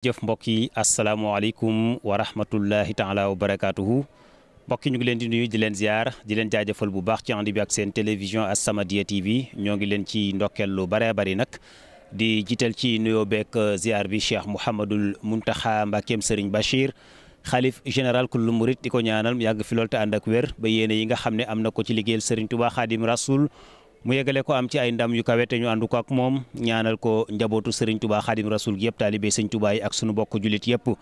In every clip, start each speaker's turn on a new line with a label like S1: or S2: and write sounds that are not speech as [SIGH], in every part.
S1: jëf mbokk yi asalaamaaleykum wa rahmatullahi taala wa barakaatuhu mbokk yi ñu ngi leen di nuyu di leen ziar di leen jaajëfal bu baax ci ànd bi ak seen télévision As-Samadiyya TV ñoo ngi leen ci ndokkeel lu baree bari nag di jiital ci nuyoo beeg euh, ziar bi Cheikh Mouhamadul Mountakha Mbakkeem Serigne Bachir xalif général kullu murit di ko ñaanal yàgg fi lool te ànd ak wér ba yéene yi nga xam ne am na ko ci liggéeyal Serigne Touba Khadim Rasoul mu yegale ko am ci ay ndam yu kawe te ñu ànd ko ak moom ñaanal ko njabootu Serigne Touba Xaadim Rasul gi yëpp taalibe Sëñ Touba ak sunu bokk jullit yëpp.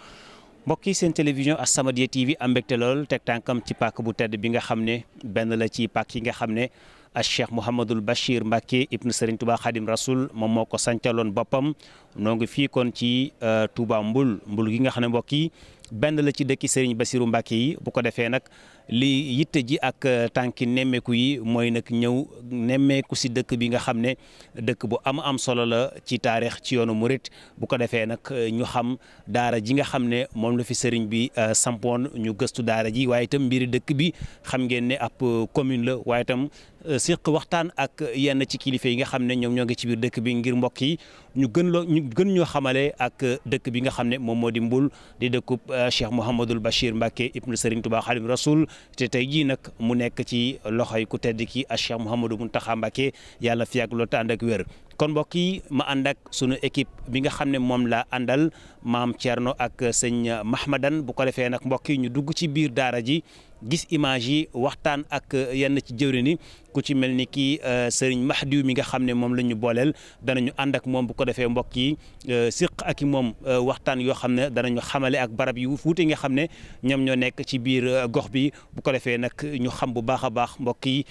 S1: mbokk yi seen télévision As-Samadiyya TV am mbégte lool teg tànkam ci pàkk bu tedd bi nga xam ne benn la ci pàkk yi nga xam ne a Cheikh Mouhamadul Bachir Mbacke ibnu Serigne Touba Xaadim Rasul moom moo ko sancaloon boppam noo ngi fii kon ci euh, Touba Mbul mbul gi nga xam ne mbokk yi benn la ci dëkki Serigne Bassirou Mbacke yi bu ko defee nag. li yitte ji ak euh, tànki nemmeeku yi mooy nag ñëw nemmeeku si dëkk bi nga xam ne dëkk bu am am solo la ci taarix ci yoonu murit bu ko defee nag euh, ñu xam daara ji nga xam ne moom la fi sëriñ bi euh, sampoon ñu gëstu daara ji waaye itam mbiri dëkk bi xam ngeen ne ab commune la waaye itam siq waxtaan ak yenn ci kilifa yi nga xam ne ñoom ñoo ngi ci biir dëkk bi ngir mbokk yi ñu gën loo ñu gën ñoo xamale ak dëkk bi nga xam ne moom moo di Mbul di dëkku dëkkub Cheikh Mouhamadul Bachir Mbacke ibnu Sëriñ Tuubaa Xaadim Rasul te tey jii nag mu nekk ci loxoy ku tedd ki a Cheikh Mouhamadou Mountakha Mbacké yàlla fi ak loolu te ànd wér kon mbokk yi ma ànd ak sunu équipe bi nga xam ne moom laa àndal maam Thierno ak sëñ Mahmadan bu ko defee nag mbokk yi ñu dugg ci biir daara ji gis image yi waxtaan ak euh, yenn ci jëwrin yi ku ci mel ni kii euh, sëriñ Mahdiw mi nga xam ne moom la ñu booleel danañu ànd ak moom bu ko defee mbokk yi euh, siq ak i moom waxtaan yoo xam ne danañu xamale ak barab yu fuute nga xam ne ñoom ñoo nekk ci biir gox bi bu ko defee nag ñu xam bu baax a baax mbokk yi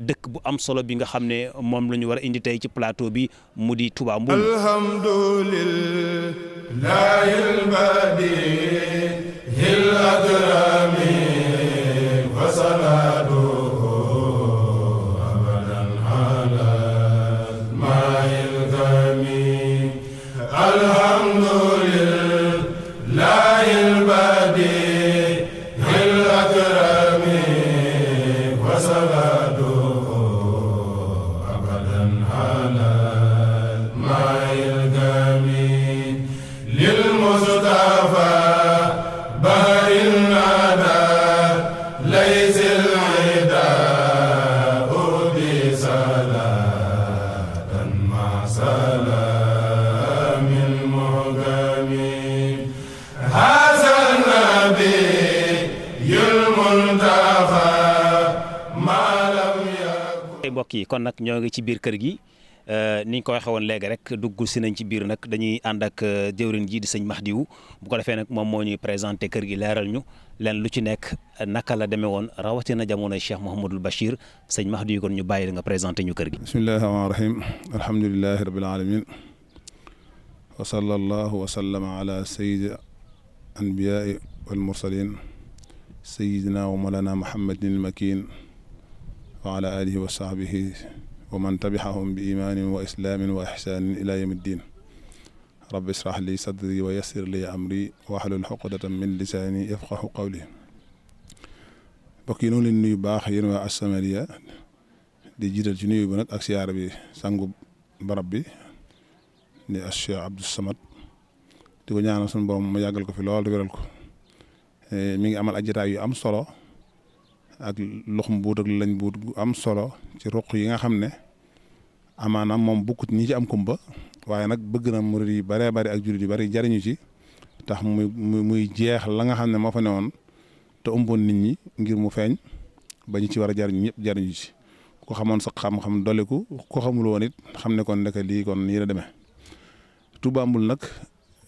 S1: dëkk bu am solo bi nga xam ne moom la ñu war a indi tey ci plateau bi mu di Touba Mboul
S2: alhamdulillahi
S3: al-badi il akrami
S2: salaam
S1: kon nag ñoo ngi ci biir kër gi euh, ni ñu ko waxee woon léegi rek dugg si nañ ci biir nag dañuy ànd ak euh, jëwrin ji di sëñ Mahdiw bu ko defee nag moom moo ñuy présenté kër gi leeral ñu leen lu ci nekk naka la demee woon rawatina jamono Cheikh Mouhamadul Bachir sëñ Mahdiw kon ñu bàyyi la nga présenté ñu kër gi. bismillahi rahmaani rahim alhamdulillahi rabbil alamin wa sallallahu wa sallama ala
S2: sayyidi anbiyaai wal mursalin sayyidina wa mawlana muhammadin al wa ala alihi wa sahbihi wa man tabixahum bi imaanin wa islaamin wa ixsaanin ila yawmi ddin rabbi israh li sadri wa yassir li amri wahlul uqdatan min lisaani yafqahu qawli mbokk yi noonu leen nuyu baax yéen waa as di jiital ci nu bi nag ak siyaar bi sangu barab bi ni Cheikh Abdou Samad di ko ñaanal sunu borom mu yàggal ko fi lool di wéral ko mi ngi amal ajjataay yu am solo ak loxum buut ak lañ buut gu am solo ci ruq yi nga xam ne amaana moom bukkut ñi ci am kumba waaye nag bëgg na murit yi baree bari ak jullit yu bari jariñu ci tax muy muy jeex la nga xam ne moo fa newoon te ëmboon nit ñi ngir mu feeñ ba ñu ci war a jariñu jariñu ci ku xamoon sa xam dole doliku ku xamul woon it xam ne kon ndeke lii kon nii la demee Touba Mboul nag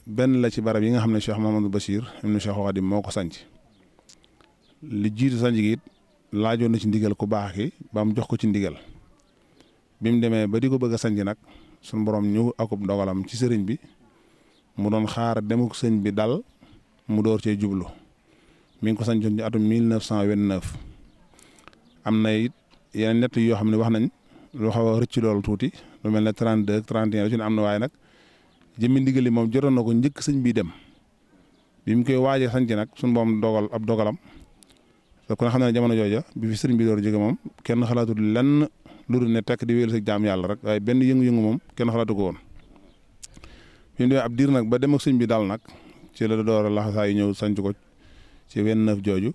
S2: benn la ci barab yi nga xam ne Cheikh Mahamadou Bachir ibnu Cheikh Khadim moo ko sanc li jiitu sanc gi laajoon na ci ndigal ku baax ki ba jox ko ci ndigal bi demee ba di ko bëgg a sanc nag suñu borom ñëw akub dogalam ci sëriñ bi mu doon xaar demuk sëñ bi dal mu door cee jublu mi ngi ko sancoon ci atum 1929 am na it yeneen ñett yoo xam ne wax nañ lu xaw a rëcc loolu tuuti lu mel ne 32 31 lu ci ne am na waaye nag jëmmi ndigal li moom jotoon na ko njëkk sëñ bi dem bi mu koy waajee sanc nag suñu borom dogal ab dogalam kon xam naa ne jamono jooja bi fi sëriñ bi door jóge moom kenn xalaatul lenn lu dul ne tekk di wéyal sa jaam yàlla rek waaye benn yëngu-yëngu moom kenn xalaatu ko woon. bi mu ab diir nag ba dem bi daal nag ci laxasaa yi ñëw sanc ko ci jooju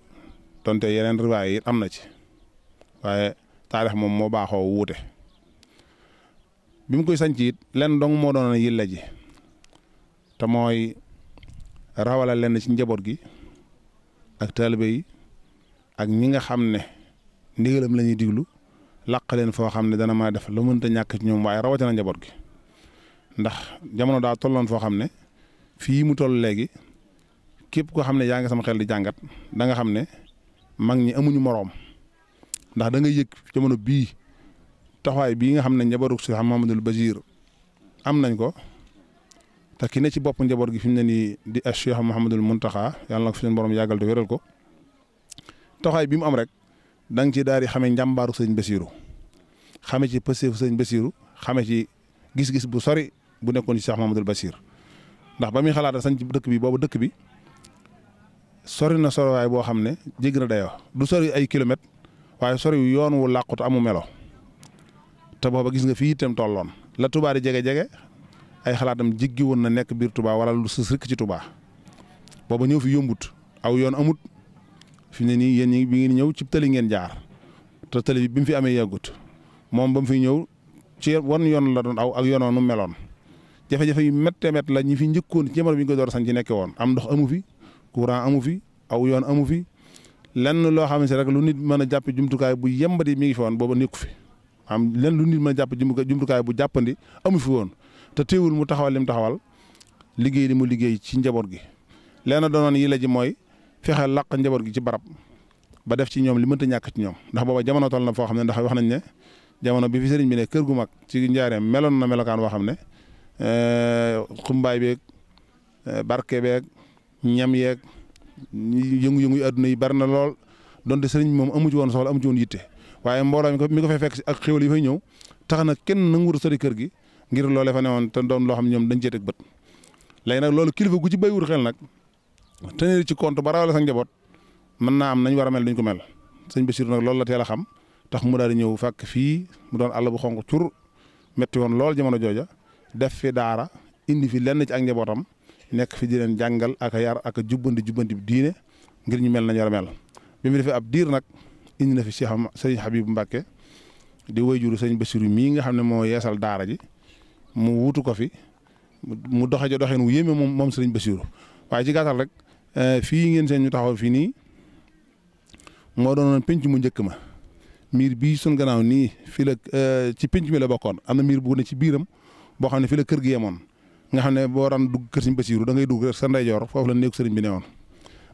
S2: donte yeneen riwaay yi am na ci waaye moom moo baaxoo wuute. bi koy sanc it lenn dong moo doon yilla ji te mooy rawala lenn ci njaboot gi ak taalibe yi. ak ñi nga xam ne ndigalam la ñuy diglu làq leen foo xam ne dana mën a def lu mënta ñàkk ci ñoom waaye na njaboot gi ndax jamono daa tolloon foo xam ne fii mu toll léegi képp koo xam ne yaa ngi sama xel di jàngat da xam ne mag ñi amuñu moroom ndax da nga yëg jamono bii taxawaay bii nga xam ne njabootu Cheikh Mamadou Bachir am nañ ko te ki ne ci bopp njaboot gi fi mu ne ni di Cheikh Mouhamadul Mountakha yàlla na ko fi seen borom yàggal te wéral ko. taxawaay bi mu am rek da nga ci daal di xame njàmbaaru sëñ Basiiru xame ci pëstéefu sëñ Basiiru xame ci gis-gis bu sori bu nekkoon ci Cheikh Mamadou Bassir ndax ba muy xalaata sañ ci dëkk bi boobu dëkk bi sori na soriwaay boo xam ne jéggi na dayoo du sori ay kilomètres waaye sori yoon wu làqutu amu melo te booba gis nga fii itam tolloon la Touba di jege jege ay xalaatam jéggi woon na nekk biir tubaa wala lu ci tubaa booba ñëw fi yombut aw yoon amut. fi ne nii yéen ñi bi ngeen ñëw ci tëli ngeen jaar te tëli bi mu fi amee yàggut moom ba mu fi ñëw ci wan yoon la doon aw ak yonoonu meloon jafe-jafe yu méttee mét la ñu fi njëkkoon ci jamono bi ñu ko door sañ ci nekke woon am ndox amu fi courant amu fi aw yoon amu fi lenn loo xam ne si rek lu mën a jàpp jumtukaay bu yembati mi ngi fi woon nekku fi am lenn lu nit mën a jumtukaay bu jàppandi amu fi woon te teewul mu taxawal li taxawal liggéey li mu liggéey ci njaboot gi lenn doonoon yi la ji mooy fexe làq njaboot gi ci barab ba def ci ñoom li mënta ñàkk ci ñoom ndax booba jamono toll na foo xam ne ndax wax nañ ne jamono bi fi bi ne kër gu mag ci njaareem meloon na melokaan woo xam ne eh, xumbaay beeg eh, barke beeg ñam yeeg yëngu-yëngu yu àdduna yi bari na lool donte sëriñ moom amu ci woon soxla amu ci woon yitte waaye mbooloo mi ko mi ko fay fekk ak xéwal yi fay ñëw tax na kenn nanguwut sori kër gi ngir loolee fa ne woon te doon loo xam ne ñoom dañ cee bët léegi nag loolu kilifa gu ci béy wut xel nag tenir ci compte ba rawale sa njaboot mën na am nañ war a mel duñ ko mel sëñ Bachir nag loolu la teel a xam tax mu daal di ñëw fàkk fii mu doon àll bu xonk cur metti woon lool jamono jooja def fi daara indi fi lenn ci ak njabootam nekk fi di leen jàngal ak yar ak a jubbanti jubbanti diine ngir ñu mel nañ war a mel bi mu defee ab diir nag indi na fi Cheikh sëñ Habib Mbacke di wayjuru sëñ Bachir mii nga xam ne moo yeesal daara ji mu wutu ko fi mu doxe jo doxeen wu yéeme moom moom sëñ Bachir waaye ci gàttal rek Euh, fii ngeen seen ñu taxaw fii nii moo doonoon penc mu njëkk ma miir bii suñ ganaaw nii fii la euh, ci pinc mi la bokkoon am na miir bu ne ci biiram boo xam ne fii la kër gi yemoon nga xam ne boo daan dugg kër Sëriñ Basiiru da ngay dugg sa ndeyjoor foofu la nekk néeg sëriñ bi newoon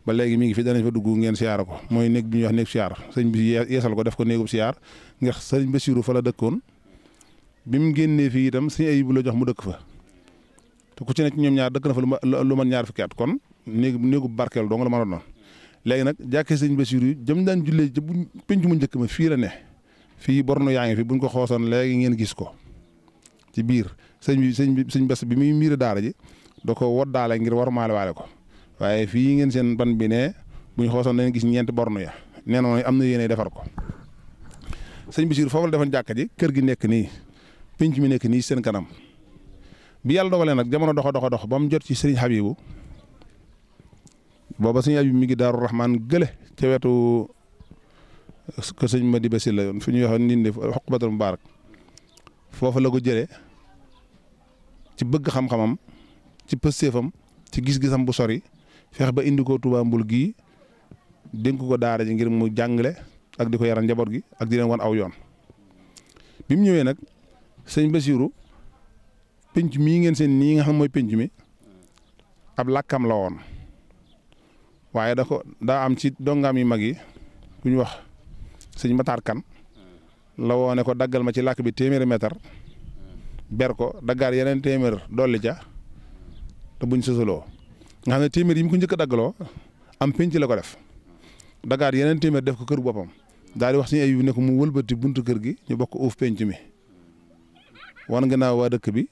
S2: ba léegi ngi fi danañ dugg ngeen siyaara ko mooy néeg bi ñuy wax néeg siyaar sëriñ bi yeesal ko def ko néegub siyaar nga sëriñ Basiiru fa la dëkkoon bi mu génnee fii itam sëriñ Ayibu la jox mu dëkk fa te ku ci ne ñoom ñaar dëkk na fa lu ma lu man ñaar fukki at kon néegu néegu barkeel doo nga la mën a doon léegi nag jàkkee sëñ Bassirou yi jëm daan jullee ca bu penc mu njëkk ma fii la ne fii borno yaa ngi fi buñ ko xoosoon léegi ngeen gis ko ci biir sëñ bi sëñ bi sëñ Bass bi muy miir daara ji da ko daale ngir war maale waale ko waaye fii ngeen seen ban bi ne buñ xoosoon dañu gis ñeenti borno ya nee na am na yéene defar ko sëñ Bassirou foofu la defoon jàkka ji kër gi nekk nii penc mi nekk nii seen kanam bi yàlla dogalee nag jamono doxa doxa dox ba mu jot ci sëriñ Habibou booba sëñ Abibu mi ngi daaru Rahman gële ca wetu kër sëñ ma di Madiba la yoon fi ñuy waxoon nit ñi Uqbatul Mubaarak foofu la ko jëlee ci bëgg xam-xamam ci pëstéefam ci gis-gisam bu sori feex ba indi ko Tuubaa Mbul gii dénk ko daara ji ngir mu jàngale ak di ko yaral njaboot gi ak di leen wan aw yoon bi mu ñëwee nag sëñ Basiiru penc mii ngeen seen nii nga xam mooy penc mi ab làkkam la woon. waaye da ko daa am ci dongam yi mag yi ku ñu wax sëñ Matar Kan la woone ko daggal ma ci làkk bi téeméeri metar ber ko daggaar yeneen téeméer dolli ca te buñ sosaloo nga xam ne téeméer yi mu ko njëkk a daggaloo am penc la ko def daggaar yeneen téeméer def ko kër boppam daal di wax suñu ayib ne ko mu wëlbati buntu kër gi ñu bokk uuf penc mi wan ginnaaw waa dëkk bi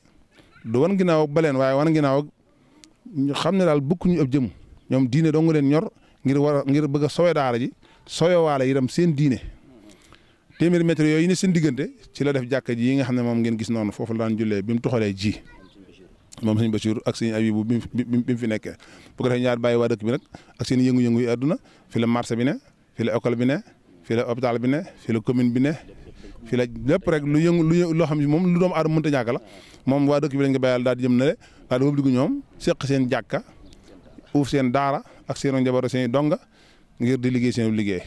S2: du wan ginnaaw baleen waaye wan ginnaaw ñu xam ne daal bukk ñu ëpp jëm ñoom diine dong leen ñor ngir war a ngir bëgg a sowe daara ji sowewaale itam seen diine téeméeri mètre yooyu ne seen diggante ci la def jàkka ji yi nga xam ne moom ngeen gis noonu foofu la daan jullee bi mu toxalee ji moom sëñ Bachir ak sëñ Abibu bi mu fi nekkee bu ñaar bàyyi waa dëkk bi nag ak seen yëngu-yëngu yi àdduna fi la marché bi ne fi la école bi ne fi la hôpital bi ne fi la commune bi ne fi la lépp rek lu yëngu lu loo xam ne moom lu doomu aadama mënta ñàkk la moom waa dëkk bi lañ ko bàyyal daal di jëm ne daal di wëb diggu ñoom seen jàkka uuf seen daara ak seen njaboot seen donga ngir di liggéey seen liggéey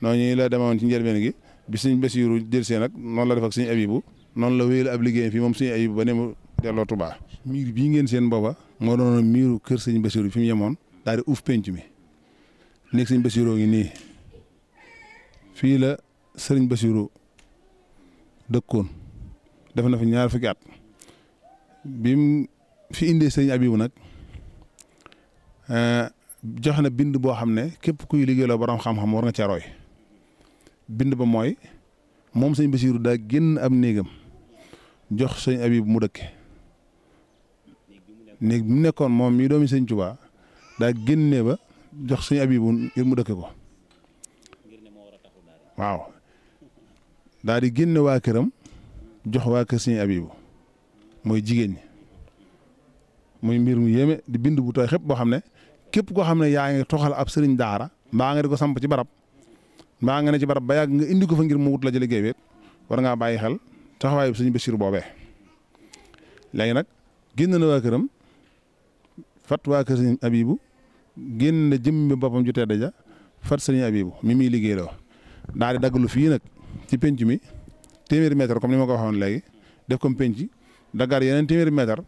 S2: noonu ñu la demoon ci njëlbeen gi bi suñ Basiiru jël seen nag noonu la def ak Abibu noonu la wéyal ab liggéeyam fii moom suñu Abibu ba ne mu delloo Tuubaa miir bii ngeen seen boba moo doon miiru kër sëñ Basiiru fi mu yemoon daal di uuf penc mi nekk sëñ Basiiroo ngi nii fii la sëriñ Basiiroo dëkkoon def na fi ñaar fukki at bi fi indee sëriñ Abibu nag jox na bind boo xam ne képp kuy liggéeyloo borom xam-xam war nga cee bind ba mooy moom sëñ Basiiru daa génn ab néegam jox sëñ Abib mu dëkke néeg mu nekkoon moom mi doomi sëñ Tuubaa daa génne ba jox sëñ Abib ngir mu dëkke waa këram jox waa kër mooy jigéen ñi muy mbir mu yéeme di bind bu tooy xëpp boo xam ne képp koo xam ne yaa ngi toxal ab sëriñ daara mbaa nga di ko samp ci barab mbaa nga ne ci barab ba nga indi ko fa ngir mu wut la ci liggéey bi war ngaa bàyyi xel taxawaayu sëriñ Basiiru boobee. léegi nag génn na waa këram fat waa kër sëriñ Abibu génn na jëmmi boppam ju tedd ja fat sëriñ mi muy liggéeyloo daal di daggalu fii nag ci penc mi téeméeri mètre comme ni ma ko waxoon léegi def ko penc daggaat yeneen téeméeri mètre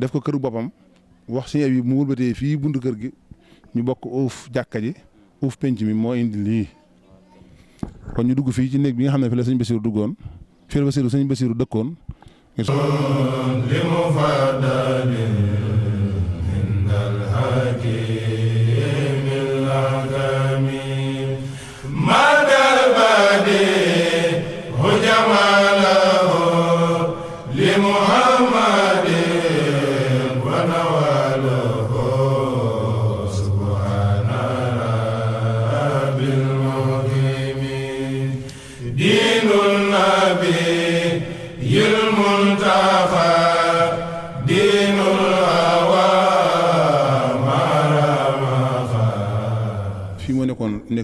S2: def ko këru boppam. wax sëñ bi mu wëlbatee fii buntu kër gi ñu bokk uuf jàkka ji uuf penc mi moo indi lii kon ñu dugg fii ci néeg bi nga xam ne fi la sëñ Basiru duggoon fi la Basiru sëñ Basiru dëkkoon.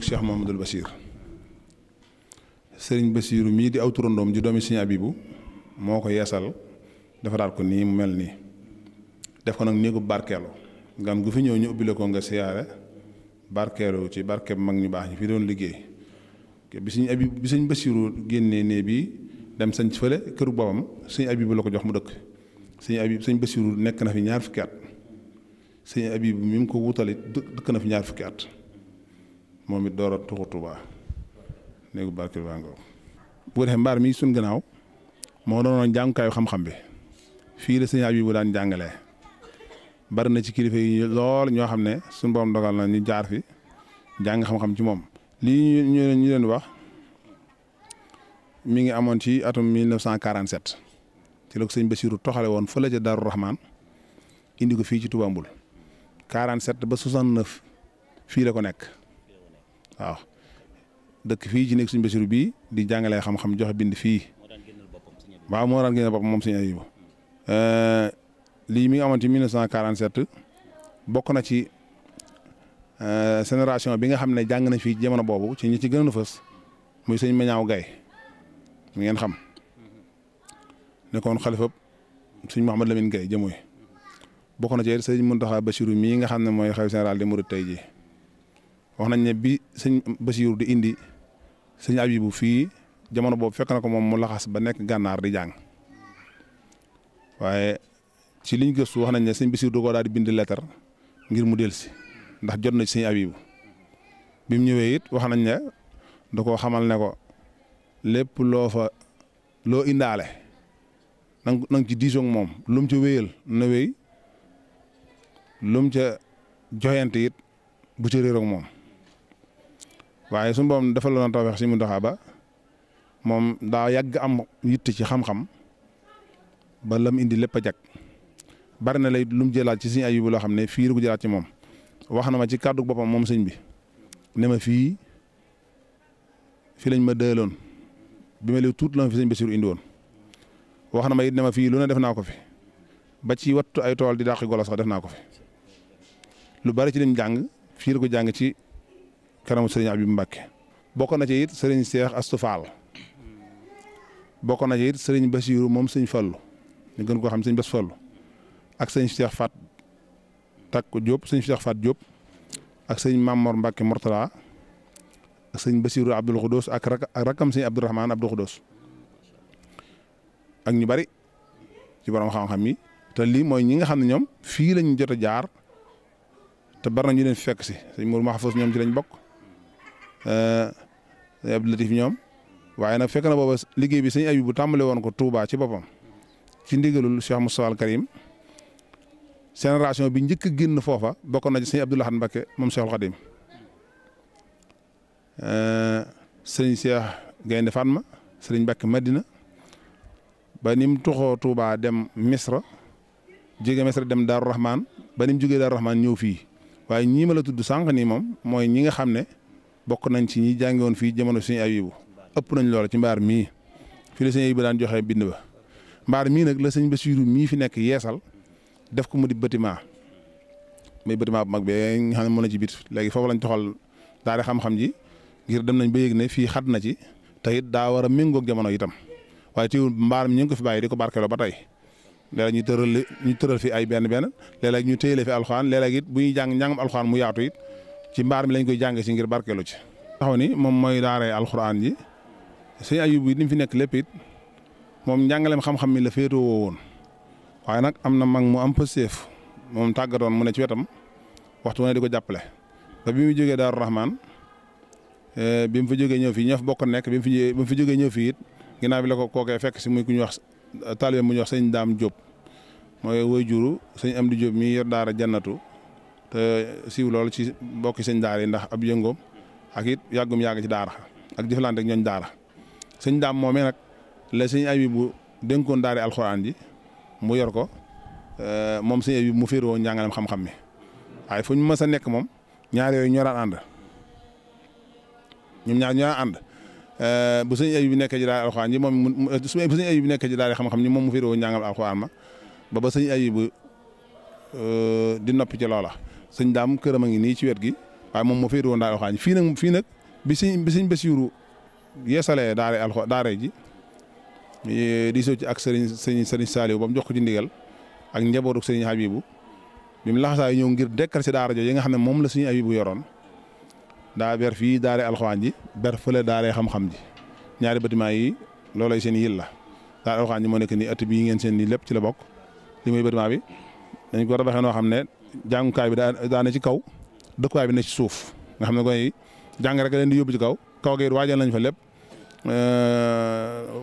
S2: Cheikh Mouhamadul Bachir sëriñ Bachiru mii di aw turandoom di doomi sëriñ Abibu moo ko yeesal defaraat ko nii mu mel nii def ko nag néegu barkeelu gan gu fi ñëw ñu ubbile ko nga siyaare barkeelu ci barkeb mag ñu baax ñu fi doon liggéey bi sëriñ Abibu bi sëriñ Bachiru génnee nee bi dem sañ fële këru boppam sëriñ Abibu la ko jox mu dëkk sëriñ Abibu sëriñ Bachiru nekk na fi ñaar fukki at sëriñ Abibu mi mu ko wutalit dëkk na fi ñaar fukki at moom it door a tuxu Tuubaa néegu barkeel baa ngoog bu ko defee mbaar mi suñ ganaaw moo doonoon jàngukaayu xam-xam bi fii la sëñ bi bu daan jàngalee bari na ci kilifa lool ñoo xam ne suñ borom dogal na ñu jaar fi jàng xam-xam ci moom. lii ñu ñu leen wax mi ngi amoon ci atum 1947 ci la ko sëñ Bassirou toxale woon fële ca Darou Rahman indi ko fii ci Touba Mboul 47 ba 69 fii la ko nekk. waaw dëkk fii ci nekk suñ Basiru bii di jàngalee xam-xam joxe bind fii waaw moo daan génne boppam moom suñu Abibu eh, lii mi ngi amoon ci 1947 bokk na ci eh, génération bi nga xam ne jàng na fii jamono boobu ci ñi ci gëna a fës muy sëñ Meñaaw Gay mi ngeen xam nekkoon xalifab sëñ Mouhamed Lamine Gay jëmoy bokk na ci sëñ Muntaxa Basiru mii nga xam ne mooy xalifa général des mourides tey jii wax nañ ne bi sëñ Basiiru di indi sëñ Abibu fii jamono boobu fekk na ko moom mu laxas ba nekk gànnaar di jàng waaye ci liñ gëstu wax nañ ne sëñ Basiiru du ko daal di bind lettre ngir mu delsi ndax jot na ci sëñ Abibu bi mu ñëwee it wax nañ ne da koo xamal ne ko lépp loo fa loo indaale nang nang ci diisoo moom lu ci ca wéyal na wéy lu mu ca joyante it bu ca réer moom waaye suñu boom dafa la doon tawfeex si Muntaxa ba moom daa yàgg am yitt ci xam-xam ba lam indi lépp a jag bari na lay lu mu jëlaat ci Sëñ Ayibu loo xam ne fii ko jëlaat ci moom wax na ma ci kàddu boppam moom sëñ bi ne ma fii fii lañ ma dëloon bi ma lee tuut la ma fi sëñ Basiru indi woon wax na ma it ne fii lu ne def naa ko fi ba ci wattu ay tool di dàqi golo sax def naa ko fi lu bari ci lim jàng fii ko jàng ci. kanamu sëriñ Abib Mbacke bokk na ci it sëriñ Cheikh Astou Fall bokk na ci it sëriñ Basiiru moom sëñ Fallu ñu gën koo xam sëñ Bas Fallu ak sëñ Cheikh Fat Takk Diop sëñ Cheikh Fat Diop ak sëñ Mamor Mbacke Mortala sëñ Basiiru Abdoul Khoudous ak rak ak rakam sëñ Abdourahman Abdoul Khoudous ak ñu bari ci borom xam-xam yi te lii mooy ñi nga xam ne ñoom fii lañ jot a jaar te bari ñu leen fekk si sëñ Mourou Mahfouz ñoom ci lañ bokk. Eh, Abdou Latif ñoom waaye nag fekk na booba liggéey bi sëñ Abibu tàmbale woon ko Touba ci boppam ci ndigalul Cheikh Moustapha al Karim génération bi njëkk a génn foofa bokkoon na ci sëñ Abdou Lahad Mbacké moom Cheikhul Khadim eh, sëñ Cheikh Gaynde Fatma sëriñ Mbacké Madina ba ni mu tuxoo Touba dem Misra jóge Misra dem Daaru Rahman ba ni mu jógee Daaru Rahman ñëw fii waaye ñii ma la tudd sànq nii moom mooy ñi nga xam ne. bokk nañ ci ñi jànge woon fii jamono ay ayibu ëpp nañ loolu ci mbaar mii fi la suñu ayibu daan joxe bind ba mbaar mii nag la sëñ Basiiru mii fi nekk yeesal def ko mu di bâtiment muy bâtiment bu mag bee nga xam ne moom la ci biir léegi foofu lañ toxal daara xam ji ngir dem nañ ba yëg ne fii xat na ci te it daa war a méngoog jamono itam waaye teewul mbaar mi ngi ko fi bàyyi di ko barkeeloo ba tey léeg-léeg ñu tëral ñu tëral fi ay benn benn léeg-léeg ñu téyele fi alxuraan léeg it bu ñuy jàng njàngam alxaan mu yaatu it ci mbaar mi lañ koy jàng si ngir barkeelu ci. taxaw ni moom mooy daaree alxuraan ji sëñ ayub yi ni mu fi nekk lépp moom njàngaleem xam-xam mi la féetoo woon waaye nag am na mag mu am pësteef moom tàggatoon mu ne ci wetam waxtu wane di ko jàppale. te bi mu jógee Daaru Rahman eh, bi mu fa jógee ñëw fii ñoo bokk nekk bi mu fi bi mu fi jógee ñëw fii it ginnaaw bi la ko kookee fekk si muy ku ñuy wax taalibe mu ñuy wax Daam jóob mooy woy juru sëñ Amdi Diop mii yor daara jannatu te siiw loolu ci mbokki sëñ daara yi ndax ab yëngoom ak it yàggum yàgg ci daara ak jëflante ak ñooñ daara sëñ daam moomee nag la sëñ ay bi bu dénkoon daara alxuraan ji mu yor ko euh, moom sëñ ay bi mu féeroo njàngaleem xam mi waaye mës a nekk moom ñaar yooyu ñoo daan ñaar ànd euh, bu sëñ ay bi nekkee ci daara alxuraan moom euh, bu sëñ bi nekkee ci daara xam ni moom mu féeroo njàngam ma ba ba sëñ ay bi di noppi ci loola. sëñ daam këram a ngi nii ci wet gi waaye moom moo féetewoo Daaru Xaañ fii nag fii nag bi sëñ bi sëñ Basiiru yeesalee daare alxo daare ji di soo ak sëriñ sëriñ sëriñ Saaliw ba mu jox ko ci ak njabootu sëriñ Habibu bi mu laxasaa ñëw ngir dekkal si daara jooju yi nga xam ne moom la sëriñ Habibu yoroon daa ber fii daare alxuraan ji ber fële daare xam-xam ji ñaari bâtiment yi loolay seen yil la daare alxuraan ji moo nekk nii ëtt bii ngeen seen nii lépp ci la bokk li muy bi dañ ko tabaxee xam ne jàngukaay bi daa na ci kaw dëkkuwaay bi na ci suuf nga xam ne koy jàng rek leen di yóbbu ci kaw kaw gi waajal nañ fa lépp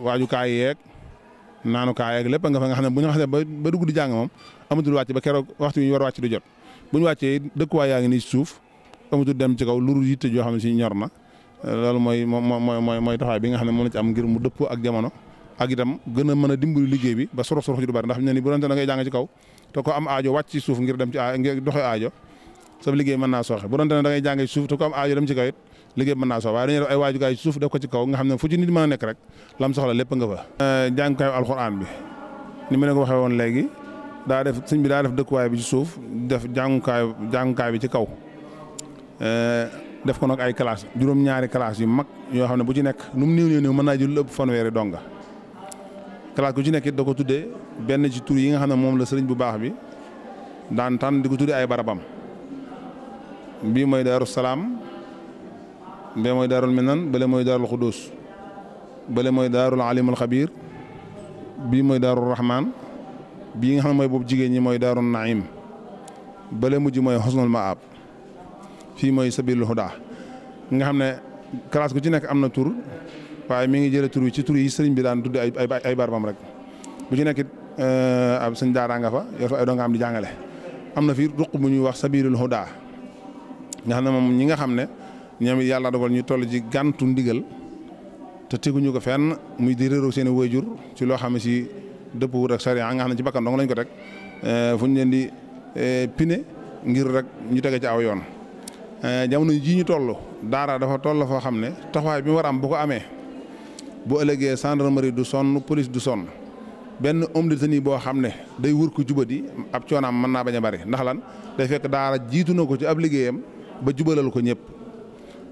S2: waajukaay yeeg naanukaay yeeg lépp nga fa nga xam ne bu ñu xasee ba dugg di jàng moom amatul wàcc ba keroog waxtu wi war a wàcc du jot bu ñu wàccee dëkkuwaay yaa ngi nii ci suuf amatul dem ci kaw luru yitte joo xam ne si ñor na loolu mooy mooy mooy mooy taxawaay bi nga xam ne moom la ci am ngir mu dëpp ak jamono ak itam gën a mën a dimbali liggéey bi ba sorof sorof ji du bari ndax fi ne nii bu doon da ngay jàng ci kaw te ko am aajo wàcc ci suuf ngir dem ci aajo ngir doxe aajo sab liggéey mën naa sooxe bu doon te ne da ngay jàng ci suuf te ko am aajo dem ci kaw it liggéey mën naa sooxe waaye dañuy def ay waajukaay ci suuf def ko ci kaw nga xam ne a nekk rek lam euh, bi ni ma leen ko waxee woon léegi daa def sëñ bi daa def dëkkuwaay bi ci suuf def jàngukaay jàngukaay bi ci kaw euh, def ko nag ay classe juróom-ñaari classe yu mag yoo xam ne bu ci nekk nu mu néew néew néew mën naa jël ëpp fanweeri donga classe gu ci nekk it da ko tuddee benn ci tur yi nga xam ne moom la sëriñ bu baax bi daan tànn di ko tuddee ay barabam bii mooy daaru salaam bee mooy daarul minan bële mooy daarul xudus bële mooy daarul alimul xabir bii mooy daaru rahman bii nga xam ne mooy boobu jigéen ñi mooy daarul naim bële mujj mooy xosnul maab fii mooy sabilul huda nga xam ne classe gu ci nekk am na tur waaye mi ngi jëlee tur ci tur yi sëriñ bi daan tudd ay ay ay barbam rek bu ci nekk it euh, ab sëñ daara nga fa yor fa ay di jàngale. am na fi ruq bu ñuy wax sabiilul hudaa nga xam ne moom ñi nga xam ne ñoom it yàlla dogal ñu toll ci gàntu ndigal te teguñu ko fenn muy di réeroo seen i wayjur ci loo xam ne si dëpp wut ak sariya nga xam ne ci bakkan dong lañ ko rek euh, fu ñu leen di euh, pine ngir rek ñu tege ci aw yoon. jamono jii ñu toll daara dafa toll foo xam ne taxawaay bu ëllëgee gendarmerie du sonn police du sonn benn homme de boo xam ne day wër ko jubadi ab coonaam mën naa bañ a bari ndax lan day fekk daara jiitu ko ci ab liggéeyam ba jubalal ko ñëpp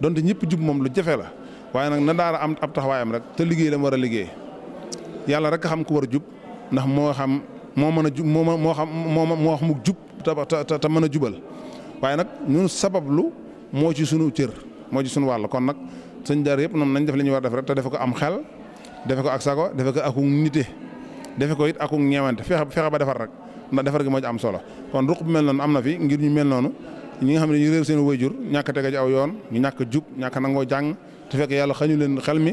S2: donte ñëpp jub moom lu jafe la waaye nag na daara am ab taxawaayam rek te liggéey la mu war a liggéey yàlla rek xam ku war a jub ndax moo xam moo mën a jub moo moo xam moo moo xamuk jub te te mën a jubal waaye nag ñun sabablu moo ci sunu cër moo ci sunu wàll kon nag. sëñ daar yëpp noonu nañ def li ñu war def rek te defe ko am xel defe ko ak sago defe ko ak nite defe ko it ak ñeewante fexe fexe ba defar rek ndax defar gi moo ci am solo kon ruq bu mel noonu am na fi ngir ñu mel noonu ñi nga xam ne ñu réer seen wayjur ñàkk a tege aw yoon ñu ñàkk jub ñàkk nangoo jàng te fekk yàlla xañu leen xel mi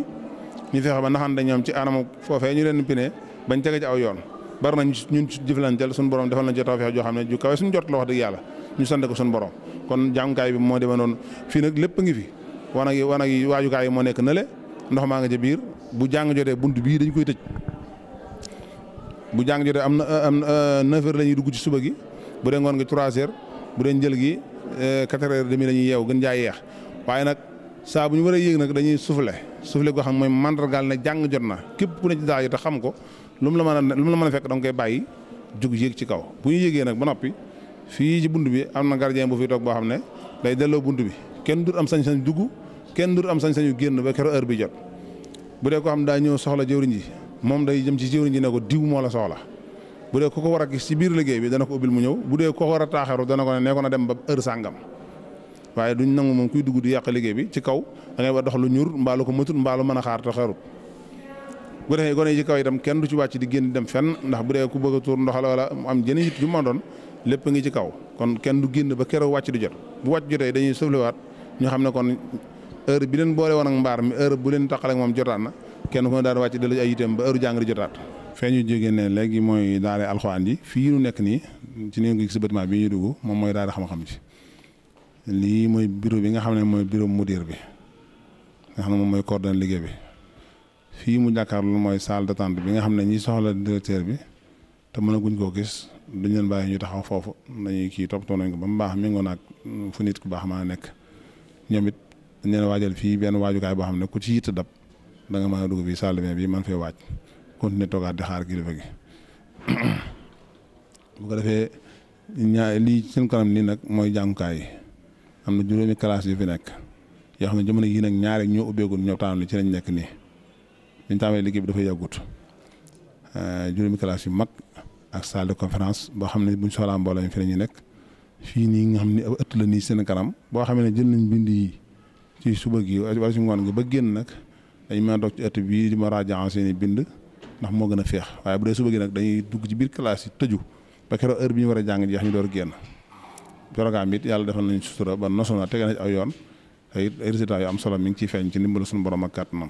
S2: ñu fexe ba naxante ñoom ci anamu foofee ñu leen pinee bañ tege ci aw yoon bari nañ ñun jëflanteel suñu borom defal nañ ci tawfeex joo xam ne ju kawe suñu jot la wax dëgg yàlla ñu sant ko suñu borom kon jàngukaay bi moo demee noonu fii nag lépp ngi fi wanag yi wanag yi waajukaay yi moo nekk na nële ndox maa nga ca biir bu jàng jotee bunt bii dañu koy tëj bu jàng jotee am na am euh, neuf heures la ñuy dugg ci suba gi bu dee ngoon gi trois heures bu dee njël gi euh, quatre heures demi la ñuy yeew gën jaa yeex waaye nag saa bu ñu war a yéeg nag dañuy soufflé soufflé goo xam mooy mandargaal ne jàng jot na képp ku ne ci daal yi te xam ko lu mu la mën a lu la mën a fekk da nga bàyyi jug yéeg ci kaw bu ñu yéegee nag ba noppi fii ci bunt bi am na gardien bu fi boo xam ne day delloo bunt bi kenn du am sañ-sañ dugg kenn du am sañ-sañu génn ba keroog heure bi jot bu dee ko xam daa ñëw soxla jëwriñ ji moom day jëm ci jëwriñ ji ne ko diw moo la soxla bu dee ku ko war a gis ci biir liggéey bi dana ko ubbil mu ñëw bu dee ko a taaxeeru dana ko ne nee ko na dem ba heure sàngam waaye duñ nangu moom kuy dugg di yàq liggéey bi ci kaw da ngay war dox lu ñur mbaalu ko mëtut mbaalu mën a xaar te xarut bu defee gone yi ci kaw tam kenn du ci wàcc di génn dem fenn ndax bu dee ku bëgg a tuur ndox la wala am jëne it ju ma doon lépp ngi ci kaw kon kenn du génn ba keroog wàcc du jot bu wàcc jotee dañuy sëfliwaat ñu xam ne kon heure bi leen boole woon ak mbaar mi heure bu leen taqale ak moom jotaat na kenn ku ne daal wàcc dellu ay itam ba heure jàng di jotaat. fee ñu jógee ne léegi mooy daara alxuraan ji fii ñu nekk nii ci ni nga bi ñu dugg moom mooy daara xam-xam ji lii mooy bureau bi nga xam ne mooy bureau mudir bi nga xam moom mooy coordonné liggéey bi fii mu jàkkaarloo mooy salle d'attente bi nga xam ne ñi soxla directeur bi te mën a guñ koo gis duñ leen bàyyi ñu taxaw foofu nañuy kii toppatoo nañ ko ba mu baax méngoo naag fu nit ku baax maa nekk. ñoom it neen waajal fii benn waajukaay boo xam ne ku ci yitt dab da nga mën a dugg fii salle bi man fee waaj continuer toogaat di xaar kilifa gi [COUGHS] bu ko defee ñaa lii seen kanam nii nag mooy jàngukaay yi am na juróomi classe yu fi nekk yoo xam ne jamono yii nag ñaari ñoo ubbeegul ñoo taanu ci lañ nekk nii biñ tàmbalee liggéey bi dafa yàggut euh, juróomi classe yu mag ak salle de conférence boo xam ne buñ soxlaa mbooloo mi fi la ñu nekk. fii nii nga xam ne ëtt la nii seen kanam boo xamee ne jël nañ bind yi ci suba gi wala ci ngoon gi ba génn nag dañ mën a ci ëtt bii di ma raajan seen i bind ndax moo gën a féex waaye bu dee gi nag dañuy dugg ci biir classe yi tëju ba keroog heure bi war a jàng jeex ñu door génn programme bi yàlla defal nañ sutura ba nosu na tege nañ aw yoon ay résultats yu am solo mi ngi ciy feeñ ci ndimbalu suñu borom ak kàttanam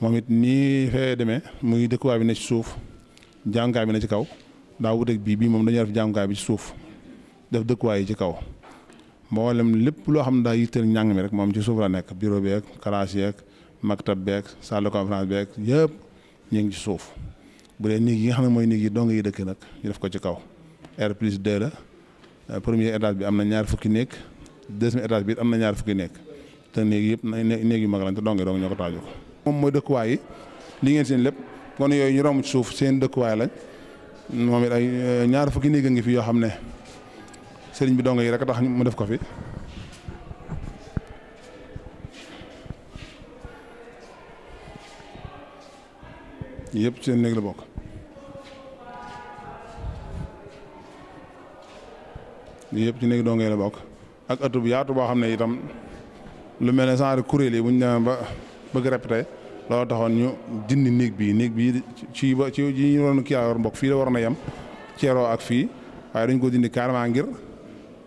S2: moom it nii fee demee muy dëkkuwaay bi ne ci suuf jàngukaay bi ne ci kaw daa wuteeg bii bii moom dañuy def bi ci suuf def dëkkuwaay yi ci kaw mboolem lépp loo xam ne daa yitteel njàng mi rek moom ci suuf la nekk bureau beeg classe yeeg maktab beeg salle de conférence beeg yëpp ñu ngi ci suuf bu dee néeg yi nga xam ne mooy néeg yi dong yi dëkk nag ñu def ko ci kaw R plus 2 la euh, premier étage bi am na ñaar fukki néeg deuxième étage bi am na ñaar fukki néeg te néeg yëpp néeg yu mag lañ te dong dong ñoo ko taaju ko moom mooy dëkkuwaay yi li ngeen seen lépp kon yooyu ñu romb suuf seen dëkkuwaay lañ moom euh, ñaar fukki néeg a yoo xam ne sëriñ bi dong yi rek tax mu def ko fi yëpp seen yëpp ci néeg dongee la bokk ak atu bu yaatu boo xam ne itam lu mel ne genre kuréel yi bu ñu demee ba bëgg répété loolu taxoon ñu dindi néeg bii néeg bii ci ba ci ñu doon kii yor mbokk fii la waroon a yem ceeroo ak fii waaye dañ ko dindi carrément ngir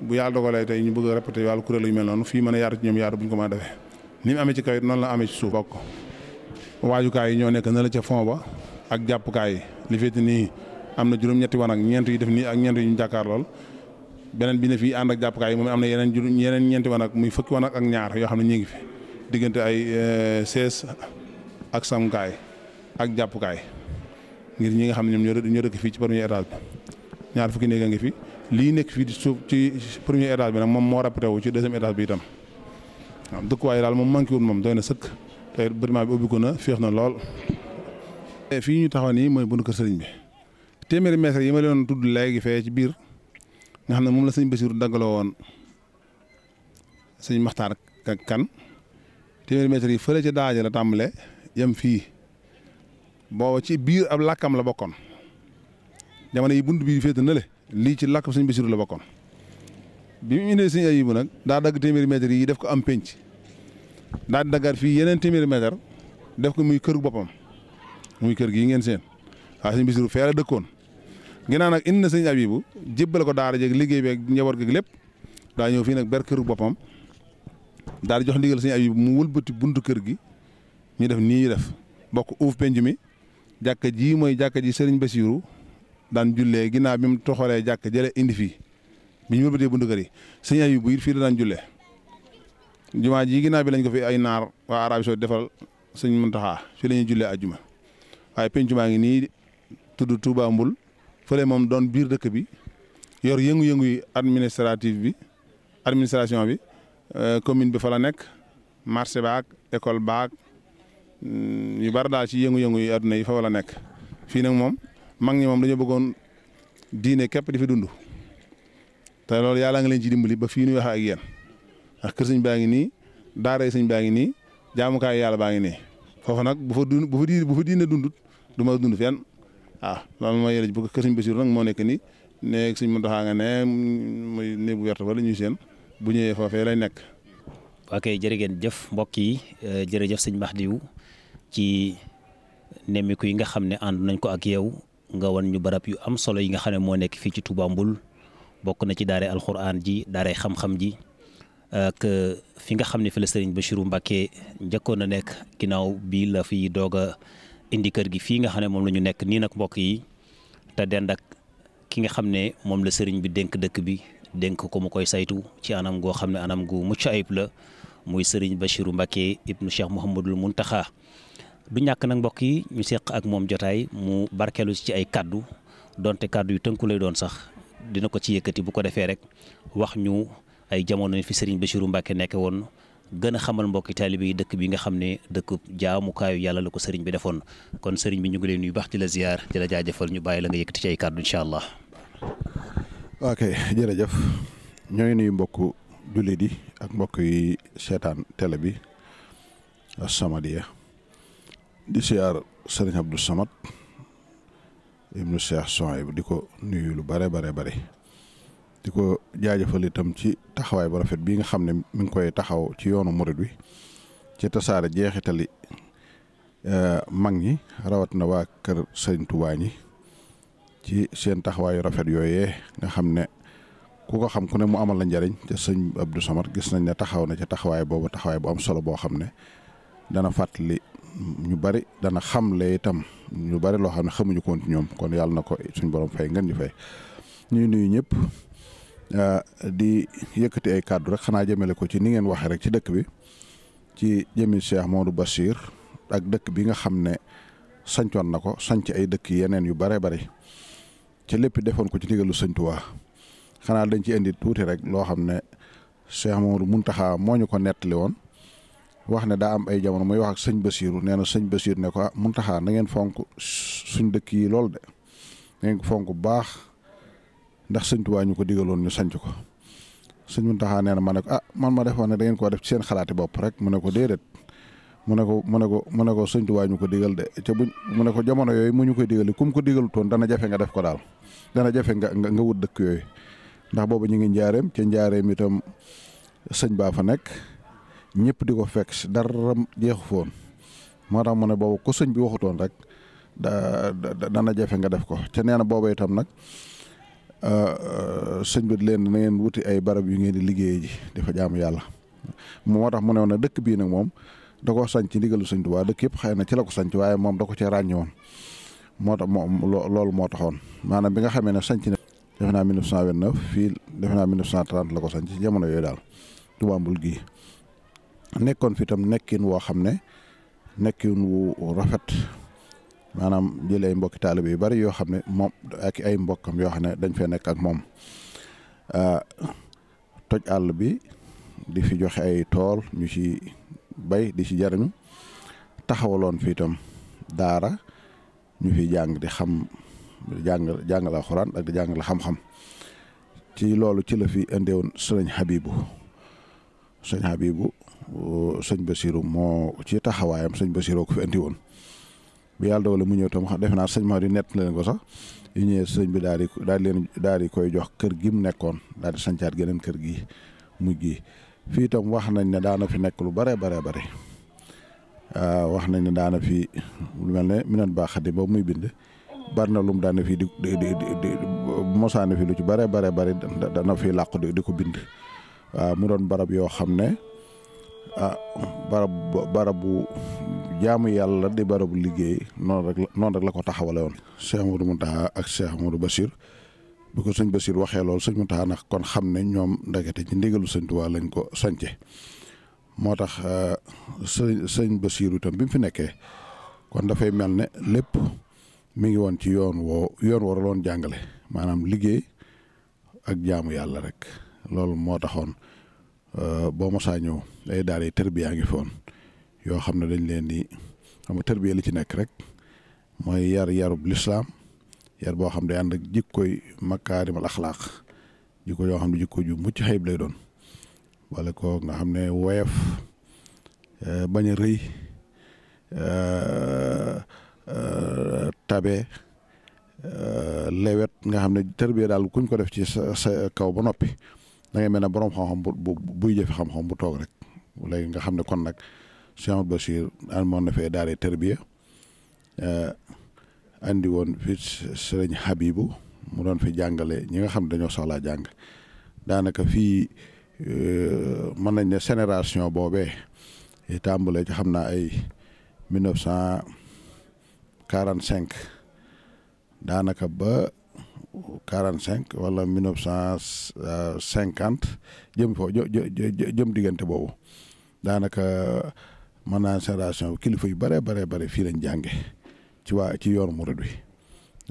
S2: bu yàlla dogalee tey ñu bëgg a répété wàllu kuréel yu mel noonu fii mën a yaatu ci ñoom yaatu bu ko mën a defee ni mu amee ci kaw noonu la amee ci suuf bokk waajukaay yi ñoo nekk na la ca fond ak jàppukaay yi li féete am na juróom-ñetti wan ñeent yu def nii ak ñeent ñu jàkkaar beneen bi ànd ak jàppukaay yi moom am na yeneen juróom yeneen ñeenti wan muy fukki wan ak ñaar yoo xam ne ñu ngi fi diggante ay euh, sees ak samkaay ak jàppukaay ngir ñi nga xam ne ñoom ñoo dëkk fii ci premier étage ñaar fukki néeg ngi fi lii nekk fii suuf ci premier étage bi nag moom moo répété wu ci deuxième étage bi itam waaw dëkkuwaay daal moom manqué wul moom doy na sëkk te bâtiment bi ubbi ko na féex na lool. Eh, fii ñu taxaw nii mooy buntu kër sëriñ bi téeméeri mètres yi ma leen tudd léegi fee ci biir nga xam ne moom la sëñ Bassirou daggaloo woon sëñ maxtaan ak kan téeméeri mètres yi fële ca daaje la tàmbale yem fii booba ci biir ab làkkam la bokkoon jamono yi bunt bii féete na lii ci làkk sëñ Basiru la bokkoon bi mu indee sëñ Ayibu nag daa dagg téeméeri mètre yi def ko am pénc daa daggaat fii yeneen téeméeri mètre def ko muy kër boppam muy kër gii ngeen seen waaw sëñ Basiru fee la dëkkoon ginnaaw nag indi na sëñ Abibu jébbal ko daara jeeg liggéey beeg njaboot geeg lépp daa ñëw fii nag ber kër boppam daal di jox ndigal sëñ Abibu mu wëlbati buntu kër gi ñu def nii ñu def bokk uuf penj mi jàkka ji mooy jàkka ji sëriñ Basiru daan jullee ginnaaw bi mu toxalee jàkk jële indi fii bi ñu wëlbatee buntu kër yi sëñ Ayib bu fii la daan jullee jumaa ji ginnaaw bi lañ ko fi ay naar waa Arabie Saoudite defal sëñ Muntaxa fii la ñuy a ajjuma waaye penc maa ngi nii tudd Touba Mbul fële moom doon biir dëkk bi yor yëngu-yëngu yi administratif bi administration bi euh, commune bi fa la nekk marché baak école baak mm, yu bari daal si yëngu-yëngu yi adduna yi fa la nekk fii nag moom. mag ñi moom dañoo bëggoon diine képp di fi dund te loolu yàlla nga leen ci dimbali ba fii nuy waxee ak yéen ndax kër sëñ baa ngi nii daara yi sëñ baa ngi nii jaamukaay yàlla baa ngi nii foofu nag bu fa dund bu fa diine bu fa diine dundut du ma dund fenn waaw loolu mooy yële bu ko kër sëñ Basiru nag moo nekk nii néeg sëñ Muntaxa nga ne muy néeg bu wert fa ñuy seen
S1: bu ñëwee foofee lay nekk. ok jërë ngeen jëf mbokk yi euh, jërëjëf sëñ diw ci nemmiku yi nga xam ne ànd nañ ko ak yow nga wan ñu barab yu am solo yi nga xam ne moo nekk fii ci Touba Mboul bokk na ci daare alxuraan ji daare xam-xam ji ak fi nga xam ne fi la sëriñ Bachirou njëkkoon a nekk ginnaaw bi la fi doog a indi kër gi fii nga xam ne moom la ñu nekk nii nag mbokk yi te dend ak ki nga xam ne moom la sëriñ bi dénk dëkk bi denk ko mu koy saytu ci anam goo xam ne anam gu mucc ayib la muy sëriñ Bachirou Mbacké ibnu Cheikh mun Mountakha du ñàkk nag mbokk yi ñu seq ak moom jotaay mu barkeelu ci ay kàddu donte kàddu yu tënku lay doon sax dina ko ci yëkkati bu ko defee rek wax ñu ay jamono fi sëriñ Serigne Bassirou Mbacké nekke woon gën a xamal mbokki taalibe yi dëkk bi nga xam ne dëkk jaamukaayu yàlla la ko sëriñ bi defoon kon sëriñ bi ñu ngi leen nuyu baax di la ziar di la jaajëfal ñu bàyyi la nga yëkkati ci ay kàddu incha allah.
S3: ok jërëjëf ñooy nuyu mbokk jullit yi ak mbokk yi seetaan télé bi As-Samadiyya di siyaar sëriñ Abdou Samad ibnu Cheikh Souhaïbou di ko nuyu lu bare bare bari di ko jaajëfal itam ci taxawaay bu rafet bii nga xam ne mi ngi koy taxaw ci yoonu murid wi ci tasaare jeexitali eh, mag ñi rawat na waa kër sëriñ ci seen taxawaayu rafet yooyee nga xam ne ku ko xam ku ne mu amal la njariñ te sëñ Abdou Samad gis nañ ne taxaw na ca taxawaay boobu taxawaay bu am solo boo xam ne dana fàttali ñu bari dana xam xamle itam ñu bari loo xam ne xamuñu ko woon ci ñoom kon yàlla na ko suñu borom fay ngeen ñu fay ñuy nuyu ñëpp ah, di yëkkati ay kàddu rek xanaa jëmale ko ci ni ngeen waxee rek ci dëkk bi ci jëmi Cheikh Modou Bachir ak dëkk bi nga xam ne sancoon na ko sañc ay dëkk yeneen yu bare bari ci lépp defoon ko ci ndigalu Sëñ waa xanaa dañ ci indi tuuti rek loo xam ne Cheikh Modou taxa moo ñu ko nettali woon wax ne daa am ay jamono muy wax ak sëñ Basiiru nee na sëñ Basiiru ne ko ah Muntaxa na ngeen fonk suñ dëkk yi loolu de na ko fonk bu baax ndax sëñ ñu ko digaloon ñu sanc ko sëñ Muntaxa nee na ma ne ko ah man ma defoon ne da ngeen koo def ci seen xalaati bopp rek mu ne ko déedéet mu ne ko mu ne ko mu ne ko sëñ ñu ko digal de ca buñ mu ne ko jamono yooyu mu ñu koy digali kum ko digalutoon dana jafe nga def ko daal dana jafe nga nga wut dëkk yooyu ndax boobu ñu ngi njaareem ca njaareem itam sëñ baa fa nekk. ñëpp di ko fekk dara jeexu foon moo tax mu ne boobu ko sëñ bi waxutoon rek da dana jafe nga def ko ca nee na boobu itam nag euh, euh, sëñ bi leen na ngeen wuti ay barab yu ngeen di liggéeyee ji dafa jaamu yàlla moo tax mu ne woon ne dëkk bii nag moom da koo sañ ci ndigalu sëñ Tuubaa dëkk yëpp xëy na ci la ko sañ waaye moom da ko cee ràññe woon moo tax moom loolu moo taxoon maanaam bi nga xamee ne sañc ne defe naa 1929 fii defe naa 1930 la ko sañc jamono yooyu daal Tuubaa Mbul gii nekkoon fi tam nekkin woo xam ne nekkin wu rafet maanaam jël ay mbokki taalibe yu bari yoo xam ne moom ak ay mbokkam yoo xam ne dañ fee nekk ak moom toj àll bi di fi joxe ay tool ñu ci bay di ci jariñu taxawaloon fi itam daara ñu fi jàng di xam jàng jàngal alxuraan ak di jàngal xam-xam ci loolu ci la fi indeewoon sëriñ Habibu sëriñ Habibu sëñ Basiru moo ci taxawaayam sëñ Basiru ko fi andi woon bi yàlla doole mu ñëw tam defe naa sëñ di nett leen ko sax yu ñëwee sëñ bi daal di daal daal di koy jox kër gi mu nekkoon daal di sancaat geneen kër gi mujj gi fii wax nañ ne daana fi nekk lu bare bare bare ah, wax nañ ne daana fi lu mel ne minan baa xadi ba muy bind bari na lum daana fi di di di mosaane fi lu ci bare bare bare dana fi làqu di ko bind ah, mu doon barab yoo xam ne ah barab barabu jaamu yàlla di barabu liggéey noonu rek la ko taxawale woon Cheikh Amadou ak Cheikh Amadou Bachir bu ko sëñ basiir waxee loolu sëñ Mountakha ndax kon xam ne ñoom ndekete ci ndigalu sëñ Tuubaa lañ ko sance moo tax ah, sëñ sëñ Bachir itam bi mu fi nekkee kon dafay mel ne lépp mu ngi woon ci yoon woo yoon woo la jàngale maanaam liggéey ak jaamu yàlla rek loolu moo taxoon Euh, boo mosaa ñëw ay daara yi tërbiyaa ngi foon yoo xam ne dañ leen di xam nga tërbiya li ci nekk rek mooy yar yarub lislaam yar boo xam ne ànd ak jikkoy makaarimal axlaaq jikko yoo xam ne jikko ju mucc xayib lay doon walla ko nga xam ne woyof euh, bañ a rëy euh, tabe lewet nga xam ne tërbiya daal kuñ ko def ci sa kaw ba noppi da ngay mel ne borom xam-xam bu buy jëfe xam-xam bu toog rek léegi nga xam ne kon nag Cheikh basir Bachir moon na fee daaree tarbiya eh, andi woon fi sëriñ Habibu mu doon fi jàngale ñi nga xam ne dañoo soxlaa jàng daanaka fii eh, mën nañ ne sénération boobee tàmbale ci xam naa ay mille neuf cinq daanaka ba quarante cinq wala mille neuf cent cinquante jëm foo jëm diggante boobu daanaka mën naa génération bi kilifa yu bare bare bare fii lañ jànge ci waa ci yoonu murid bi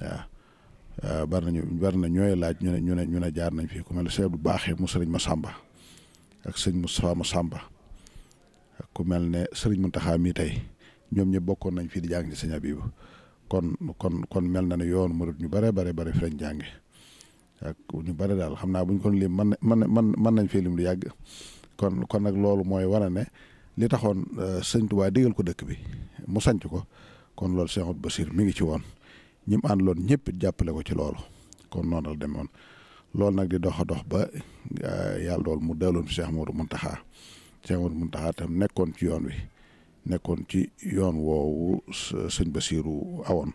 S3: waaw bari bari na ñooy laaj ñu ne ñu ne ñu ne jaar nañ fii ku mel ne Cheikh bu baaxee mu sëriñ Massamba ak sëriñ Moustapha Massamba ak ku mel ne sëriñ Mountakha mii tey ñoom ñëpp bokkoon nañ fii di jàng ci sëñ Abibu kon kon kon mel na ne yoon murit ñu bare bare bare fi jànge ak ñu bare daal xam naa buñ kon lii man man man mën nañ fee lim lu yàgg kon kon nag loolu mooy wane ne li taxoon euh, sëñ Tuubaa digal ko dëkk bi mu sanc ko kon loolu Cheikh Ahmadou mi ngi ci woon ñi mu àndaloon ñëpp jàppale ko ci loolu kon noonu la demoon loolu nag di doxa dox ba euh, yàlla loolu mu delloon Cheikh Modou Mountakha Cheikh Modou Mountakha tam nekkoon ci yoon wi nekkoon ci yoon woowu sëñ Basiiru awoon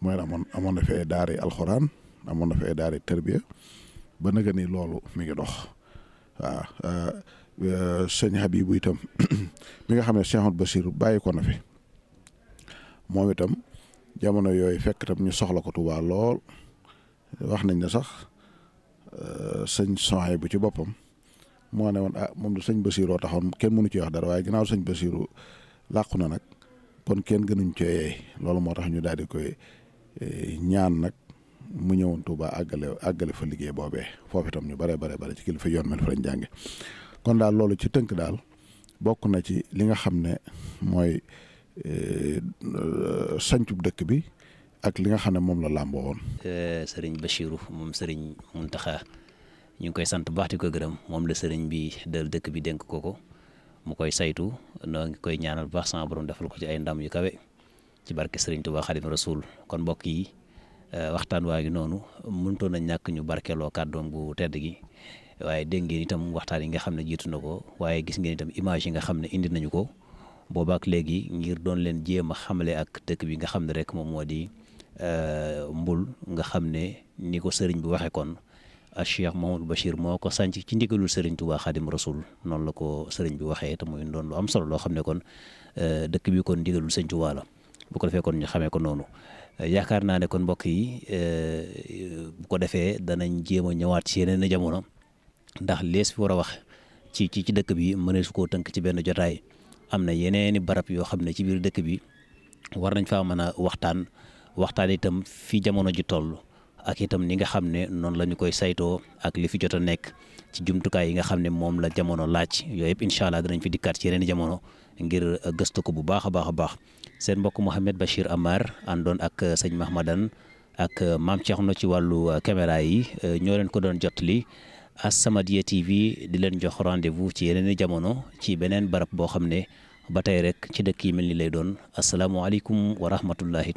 S3: mooy amoon amoon na fi ay daara alxuraan amoon na fi ay daara tërbiya ba naga ni loolu mi ngi dox waaw euh, euh, sëñ Habibu itam [COUGHS] mi nga xam ne Cheikh Basiiru bàyyi ko na fi moom itam jamono yooyu fekk tam ñu soxla ko Tuubaa lool wax nañ ne sax euh, sëñ Sohay bu ci boppam moo ne woon ah moom du sëñ Basiiroo taxoon kenn mënu ci wax dara waaye ginnaaw sëñ Basiiru làqu na nag kon kenn gënuñ cee yeey loolu moo tax ñu daal di koy e, ñaan nag mu ñëwoon Touba àggale àggale fa liggéey boobee foofu itam ñu bare bare bare ci kilifa yoon mel fa lañ jànge kon daal loolu ci tënk daal bokk na ci li nga xam ne mooy e,
S1: sancub dëkk bi ak li nga xam ne moom la làmboo woon. E, sëriñ Bachirou moom sëriñ Mountakha ñu ngi koy sant baax di ko gërëm moom la sëriñ bi dal dëkk bi dénk ko ko. mu koy saytu noo ngi koy ñaanal bu baax sama borom defal ko ci ay ndam yu kawe ci barke Serigne Touba Xadim Rasoul kon mbokk yi euh, waxtaan waa ngi noonu mënutoon a ñàkk ñu barkeeloo kàddoom bu tedd gi waaye dégg ngeen itam waxtaan yi nga xam ne jiitu na ko waaye gis ngeen itam image yi nga xam ne indi nañu ko boobaak léegi ngir doon leen jéem a xamale ak dëkk bi nga xam ne rek moom moo di euh, mbul nga xam ne ni ko sëriñ bi waxe kon Cheikh Mahamadou Bachir moo ko sànc ci ndigalul sëriñ Touba Xadim Rasul noonu la ko sëriñ bi waxee te muy doon lu am solo loo xam ne kon euh, dëkk bi kon ndigalul sëriñ Touba la bu ko defee kon ñu xamee ko noonu yaakaar naa ne kon mbokk yi euh, bu ko defee danañ jéem a ñëwaat ci yeneen jamono ndax lees fi war a wax ci ci ci dëkk bi mënee su koo tënk ci benn jotaay am na yeneeni barab yoo xam ne ci biir dëkk bi war nañ faa mën a waxtaan waxtaan itam fi jamono ji toll ak itam ni nga xam ne noonu la ñu koy saytoo ak li fi jot a nekk ci jumtukaay yi nga xam ne moom la jamono laaj yooyu yëpp allah danañ fi dikkaat ci yeneen jamono ngir uh, gëstu ko bu baax a baax a baax seen mbokk Mouhamed Bachir Amar àndoon ak uh, sëñ Mahmadan ak uh, maam Thierno ci wàllu caméra yi ñoo leen ko doon jot li As-Samadiyya TV di leen jox rendez-vous ci yeneen jamono ci beneen barab boo xam ne ba tey rek ci dëkk yi mel ni lay doon asalaamualeykum wa rahmatullahi